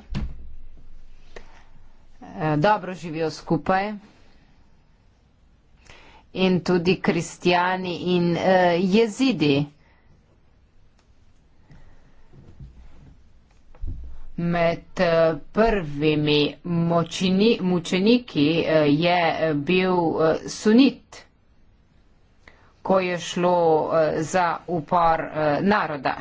eh, dobro živijo skupaj in tudi kristijani in uh, jezidi. Med uh, prvimi močini, mučeniki uh, je bil uh, sunit, ko je šlo uh, za upor uh, naroda.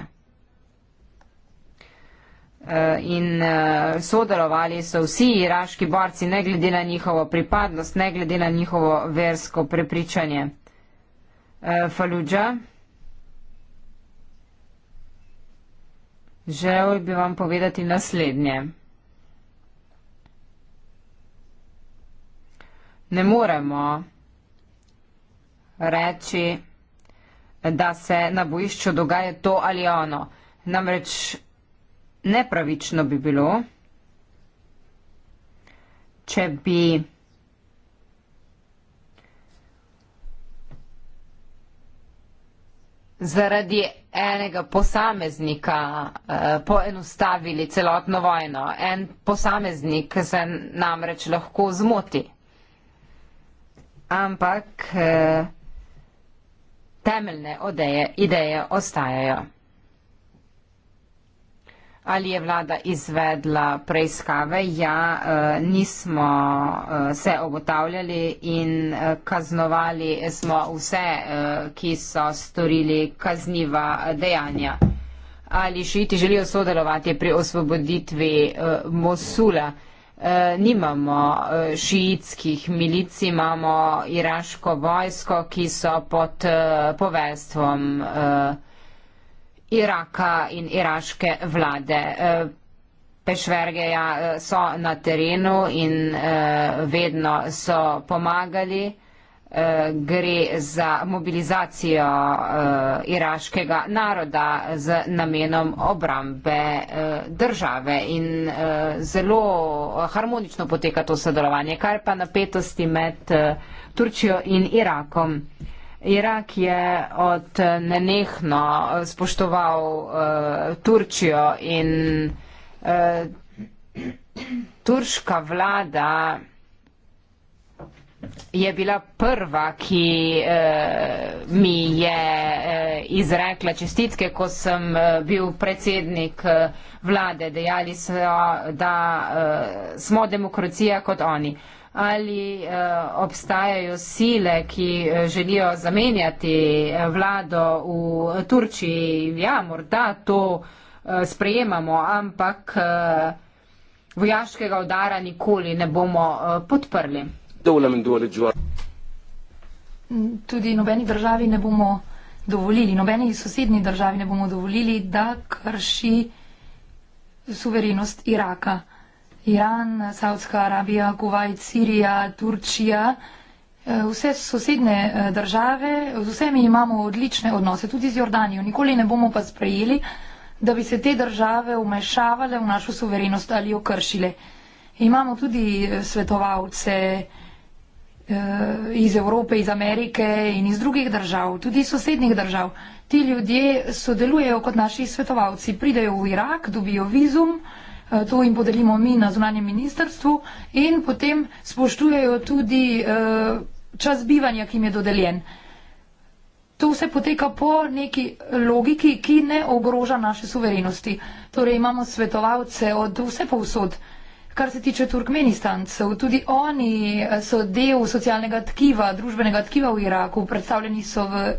Eh, in eh, sodelovali so vsi iraški borci, ne glede na njihovo pripadnost, ne glede na njihovo versko prepričanje. Eh, Faluđa, želel bi vam povedati naslednje. Ne moremo reči, da se na bojišču dogaja to ali ono. Namreč Nepravično bi bilo, če bi zaradi enega posameznika eh, poenostavili celotno vojno. En posameznik se namreč lahko zmoti. Ampak eh, temeljne odeje, ideje ostajajo. Ali je vlada izvedla preiskave? Ja, eh, nismo eh, se ogotavljali in eh, kaznovali smo vse, ki so storili kazniva dejanja. Ali šiti želijo sodelovati pri osvoboditvi Mosula? Nimamo šiitskih milic, imamo iraško vojsko, ki so pod poveljstvom vlada. Iraka in iraške vlade. Eh, Pešvergeja eh, so na terenu in eh, vedno so pomagali. Gre za mobilizacijo iraškega naroda z namenom obrambe države in zelo harmonično poteka to sodelovanje, kar pa napetosti med Turčijo in Irakom. Irak je od nenehno spoštoval uh, Turčijo in uh, turška vlada je bila prva, ki uh, mi je uh, izrekla čestitke, ko sem uh, bil predsednik uh, vlade. Dejali so, da uh, smo demokracija kot oni. Uh, ali uh, obstajajo sile, ki eh, želijo zamenjati eh, vlado v Turčiji. Ja, morda to uh, sprejemamo, ampak uh, vojaškega udara nikoli ne bomo uh, podprli. Tudi nobeni državi ne bomo dovolili, nobeni sosednji državi ne bomo dovolili, da krši suverenost Iraka. Iran, Saudska Arabija, Kuwait, Sirija, Turčija, eh, vse sosedne eh, države, z vsemi imamo odlične odnose, tudi z Jordanijo. Nikoli ne bomo pa sprejeli, da bi se te države umešavale v našo suverenost ali jo kršile. Imamo tudi eh, svetovalce iz Evrope, iz Amerike in iz drugih držav, tudi iz sosednjih držav. Ti ljudje sodelujejo kot naši svetovalci, pridejo v Irak, dobijo vizum, Eh, to jim podelimo mi na zunanjem ministrstvu in potem spoštujejo tudi eh, čas bivanja, ki jim je dodeljen. To vse poteka po neki logiki, ki ne ogroža naše suverenosti. Torej imamo svetovalce od vse povsod. Kar se tiče Turkmenistancev, tudi oni eh, so del socialnega tkiva, družbenega tkiva v Iraku, predstavljeni so v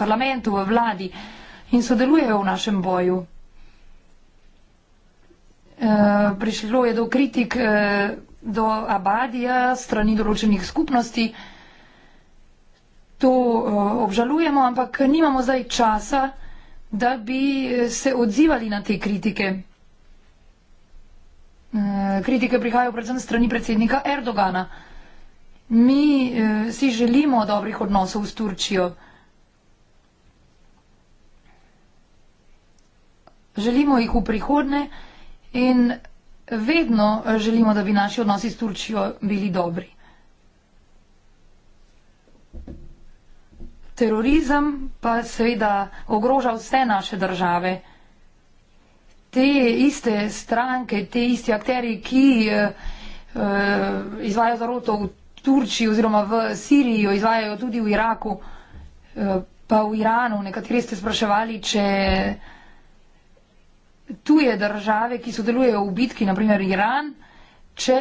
parlamentu, v vladi in sodelujejo v našem boju. Eh, prišlo je do kritik eh, do Abadija strani določenih skupnosti. To eh, obžalujemo, ampak nimamo zdaj časa, da bi se odzivali na te kritike. Kritike prihajajo predvsem strani predsednika Erdogana. Mi si želimo dobrih odnosov s Turčijo. Želimo jih v prihodnje in vedno želimo, da bi naši odnosi s Turčijo bili dobri. Terorizem pa seveda ogroža vse naše države. Te iste stranke, te isti akteri, ki eh, eh izvajajo zaroto v Turčiji oziroma v Siriji, izvajajo tudi v Iraku, eh, pa v Iranu. Nekateri ste spraševali, če. Eh, tuje države, ki sodelujejo v bitki, naprimer Iran, če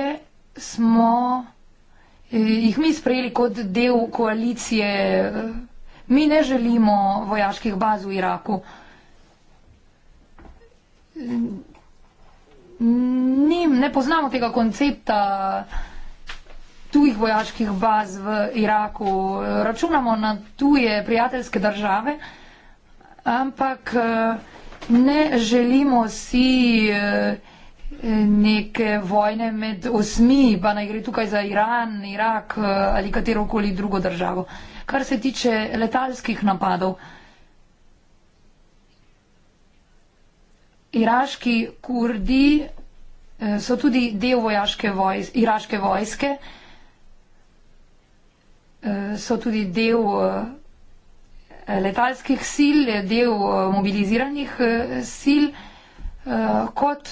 smo eh, jih mi sprejeli kot del koalicije. Eh, mi ne želimo vojaških baz v Iraku. Nim, ne poznamo tega koncepta tujih vojaških baz v Iraku. Računamo na tuje prijateljske države, ampak uh, ne želimo si eh, neke vojne med osmi, pa naj gre tukaj za Iran, Irak eh, ali katero koli drugo državo. Kar se tiče letalskih napadov, iraški kurdi eh, so tudi del vojaške vojske, iraške vojske, so tudi del Eh, letalskih sil, del eh, mobiliziranih eh, sil, kot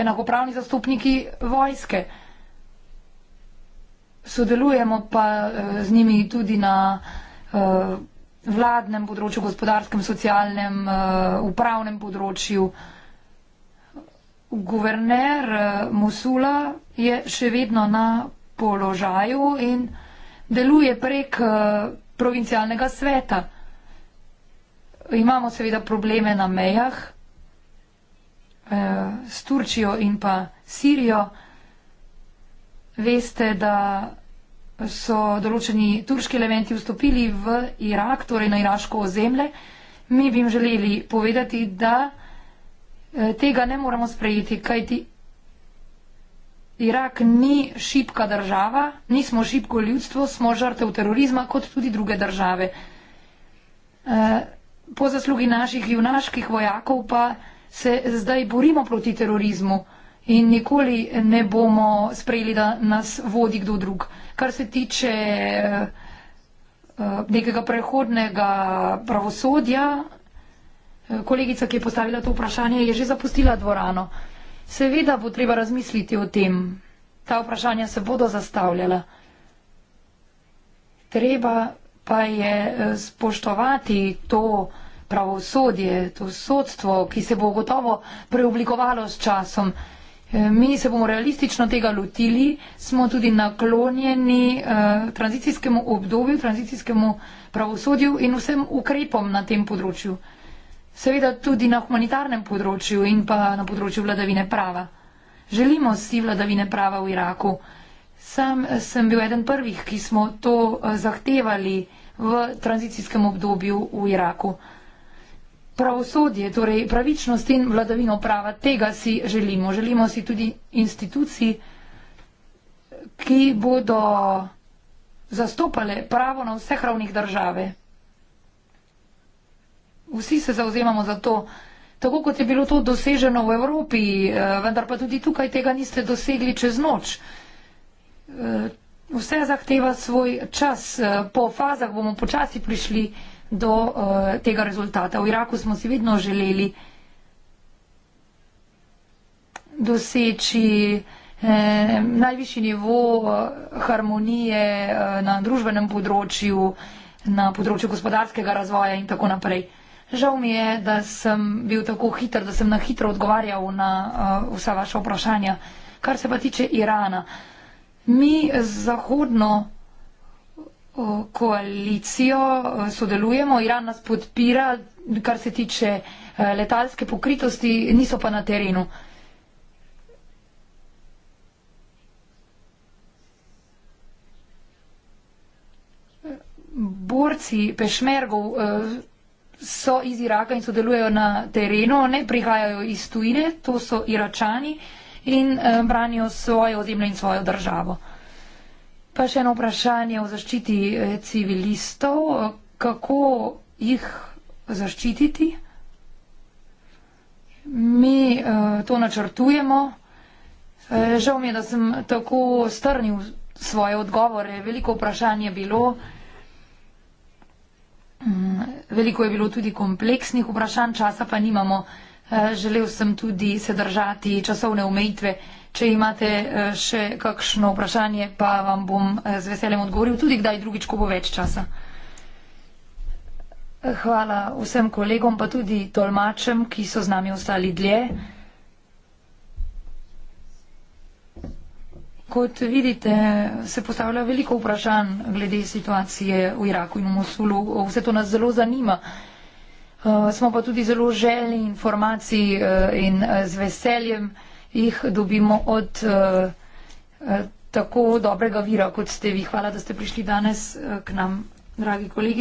enakopravni zastopniki vojske. Sodelujemo pa z njimi tudi na vladnem področju, gospodarskem, socialnem, upravnem področju. Guverner Musula je še vedno na položaju in deluje prek provincialnega sveta. Imamo seveda probleme na mejah eh, s Turčijo in pa Sirijo. Veste, da so določeni turški elementi vstopili v Irak, torej na iraško ozemlje. Mi bi jim želeli povedati, da eh, tega ne moramo sprejeti, kajti Irak ni šibka država, nismo šibko ljudstvo, smo žrtev terorizma kot tudi druge države. E, po zaslugi naših junaških vojakov pa se zdaj borimo proti terorizmu in nikoli ne bomo sprejeli, da nas vodi kdo drug. Kar se tiče e, nekega prehodnega pravosodja, e, kolegica, ki je postavila to vprašanje, je že zapustila dvorano. Seveda bo treba razmisliti o tem. Ta vprašanja se bodo zastavljala. Treba pa je eh, spoštovati to pravosodje, to sodstvo, ki se bo gotovo preoblikovalo s časom. Eh, mi se bomo realistično tega lotili, smo tudi naklonjeni eh, tranzicijskemu obdobju, tranzicijskemu pravosodju in vsem ukrepom na tem področju. Seveda tudi na humanitarnem področju in pa na področju vladavine prava. Želimo si vladavine prava v Iraku. Sam sem bil eden prvih, ki smo to eh, zahtevali v tranzicijskem obdobju v Iraku. Pravosodje, torej pravičnost in vladavino prava, tega si želimo. Želimo si tudi institucij, ki bodo zastopale pravo na vseh ravnih države vsi se zauzemamo za to, tako kot je bilo to doseženo v Evropi, eh, vendar pa tudi tukaj tega niste dosegli čez noč. Eh, vse zahteva svoj čas, eh, po fazah bomo počasi prišli do tega rezultata. V Iraku smo si vedno želeli doseči eh, najvišji nivo harmonije eh, na družbenem področju, na področju gospodarskega razvoja in tako naprej. Žal mi je, da sem bil tako hiter, da sem na hitro odgovarjal na uh, vsa vaša vprašanja. Kar se pa tiče Irana, mi z zahodno uh, koalicijo uh, sodelujemo, Iran nas podpira, kar se tiče uh, letalske pokritosti, niso pa na terenu. Borci pešmergov. Uh, so iz Iraka in sodelujejo na terenu, ne prihajajo iz tujine, to so Iračani in eh, branijo svojo ozemlje in svojo državo. Pa še eno vprašanje o zaščiti eh, civilistov. Kako jih zaščititi? Mi eh, to načrtujemo. Eh, žal mi je, da sem tako strnil svoje odgovore. Veliko vprašanje je bilo. Mm, veliko je bilo tudi kompleksnih vprašanj, časa pa nimamo. Eh, želel sem tudi se držati časovne omejitve. Če imate eh, še kakšno vprašanje, pa vam bom eh, z veseljem odgovoril, tudi kdaj drugič, ko bo več časa. Hvala vsem kolegom, pa tudi tolmačem, ki so z nami ostali dlje. Kot vidite, se postavlja veliko vprašanj glede situacije v Iraku in v Mosulu. Vse to nas zelo zanima. Uh, smo pa tudi zelo želni informacij uh, in uh, z veseljem jih dobimo od tako dobrega vira, kot ste vi. Hvala, da ste prišli danes k nam, dragi kolegi.